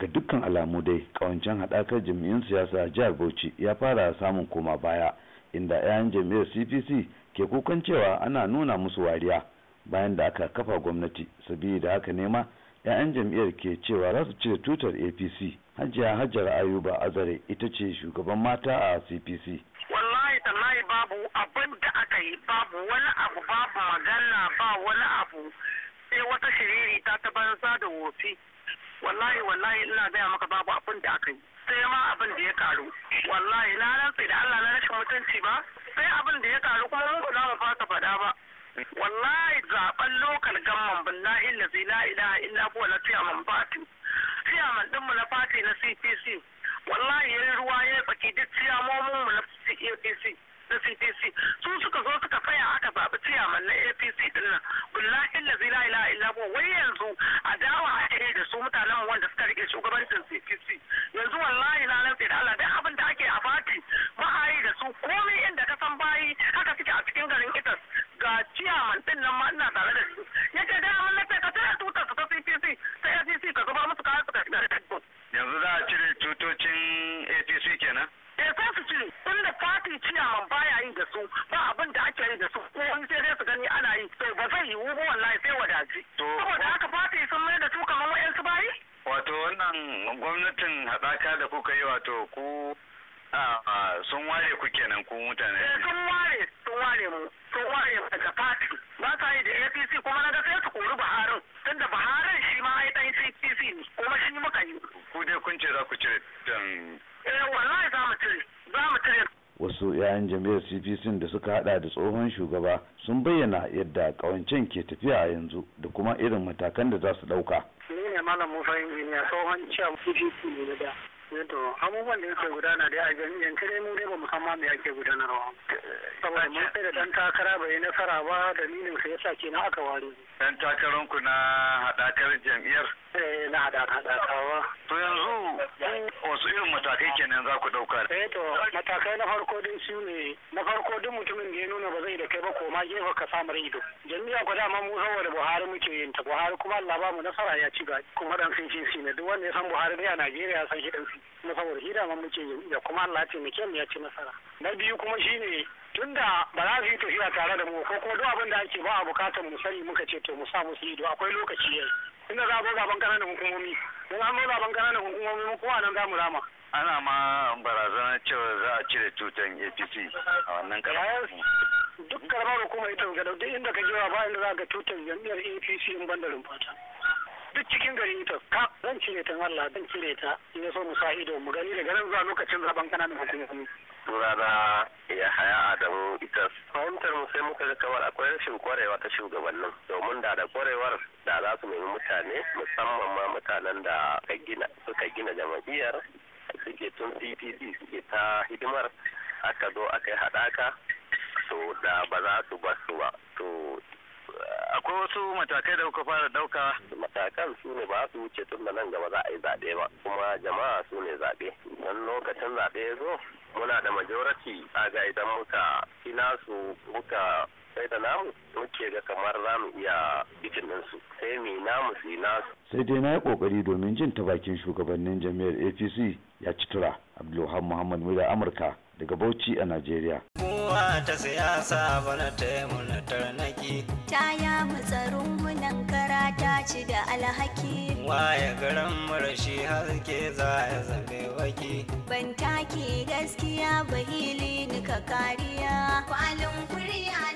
ga dukkan alamu dai kawancen haɗakar jam'iyyun siyasa jihar bauchi ya fara samun koma baya inda 'yan jam'iyyar cpc ke kukan cewa ana nuna musu wariya bayan da aka kafa gwamnati sabida haka nema 'ya'yan jam'iyyar ke cewa za su cire tutar apc hajiya hajjar ayuba azare ita ce shugaban mata a cpc wallahi tallahi babu abin da aka yi babu wani abu babu magana ba wani abu sai wata shiriri ta ta da wofi wallahi wallahi ina gaya maka babu abin da aka yi sai ma abin da ya karu wallahi na rantsi da Allah na rashin mutunci ba sai abin da ya karu kuma mun ba mu fasa faɗa ba wallahi zaben lokal gamman billahi lazi la ilaha illa huwa la tiyaman fati tiyaman din mu na fati na CPC wallahi yayi ruwa yayi tsaki duk tiyamomin mu na CPC na CPC su suka zo suka faya aka zaɓi ciyaman na APC din nan billahi lazi la ilaha illa wai yanzu mutanen wanda suka rike shugabancin CPC yanzu wallahi na nan da Allah dai abin da ake a fati ba a yi da su komai inda ka san bayi haka suke a cikin garin Itas ga ciyaman din nan ma ina tare da su yace da mun lafiya ka tare tutar ta CPC sai CPC e ka zuba musu kayan su ka yanzu za a cire tutocin APC kenan eh sai su cire tunda fati ciyaman baya yi da su ba abin da ake yi da su ko sai dai su gani ana yi to ba zai yiwu ba wallahi sai wadaji saboda haka ba wannan gwamnatin haɗaka da kuka yi wato ku sun ware ku kenan ku mutane. Eh, sun ware sun ware mu sun ware mu daga fati ba sa yi da APC kuma na ga sai su kori tun tunda Buhari shi ma ai dan APC ne kuma shi muka yi. Ku dai kun ce za ku cire dan. Eh wallahi za mu cire za mu cire. Wasu 'ya'yan jam'iyyar CPC da suka hada da tsohon shugaba sun bayyana yadda ƙawancen ke tafiya a yanzu da kuma irin matakan da za su ɗauka. ne malam musa injiniya tsohon cewa su ne na da eh to abubuwan da yake gudana da a jami'in ne mu ne ba musamman san ma me ake gudanarwa saboda mun sai da dan takara bai nasara ba dalilin sa yasa kenan aka ware dan takaran ku na hadakar jami'ar eh na hadakar hadakawa wasu irin matakai kenan za ku ɗauka? Eh to matakai na farko din su ne na farko din mutumin da ya nuna ba zai da kai ba ko ma gefe ka samar ido. Jami'a ku dama mu saboda Buhari muke yin ta Buhari kuma Allah ba mu nasara ya ci gaba kuma dan sinci ne duk wanda ya san Buhari ne a Najeriya ya san shi dan sinci. saboda shi ma muke yin da kuma Allah ya muke mu ya ci nasara. Na biyu kuma shine tunda ba za su yi tafiya tare da mu ko kuma duk abin da ake ba a bukatar mu sani muka ce to mu sa musu ido akwai lokaci yayi. ina za a zo gaban ƙananan hukumomi don an maula ban kananan hukumomi mun kowa nan zamu rama ana ma barazana cewa za a cire tutan apc a wannan karamar duk karamar hukumar ita ga duk inda ka jewa ba inda za ga tutan jam'iyyar apc in ban da rumfata duk cikin gari ita ka zan cire ta Allah zan cire ta in so mu sa ido mu gani daga nan zuwa lokacin zaben kananan hukumomi turara ya haya adamu ita fahimtar mu sai muka ga kamar akwai rashin kwarewa ta shugabannin domin da da kwarewar da za su nemi mutane musamman ma mutanen da suka gina jama'iyyar suke tun cpc suke ta hidimar aka zo aka yi haɗaka to da ba za su basu ba to akwai wasu matakai da kuka fara dauka matakan su ne ba su wuce tun da nan gaba za a yi zaɓe ba kuma jama'a su ne zaɓe don lokacin zaɓe ya zo muna da majority ga idan muka ina su muka sai da namu muke ga kamar za mu iya bikin su sai mu namu su nasu sai dai na yi kokari domin jin ta bakin shugabannin jami'ar apc ya ci tura abdulhamid muhammad mura amurka daga bauchi a najeriya guguwa ta siyasa bana muna tarnaki ta ya matsarin gunan kara ta ci da alhaki waye garin marashi harke za ya zabe waki ban take gaskiya ba ni ka kariya kwalin kuriya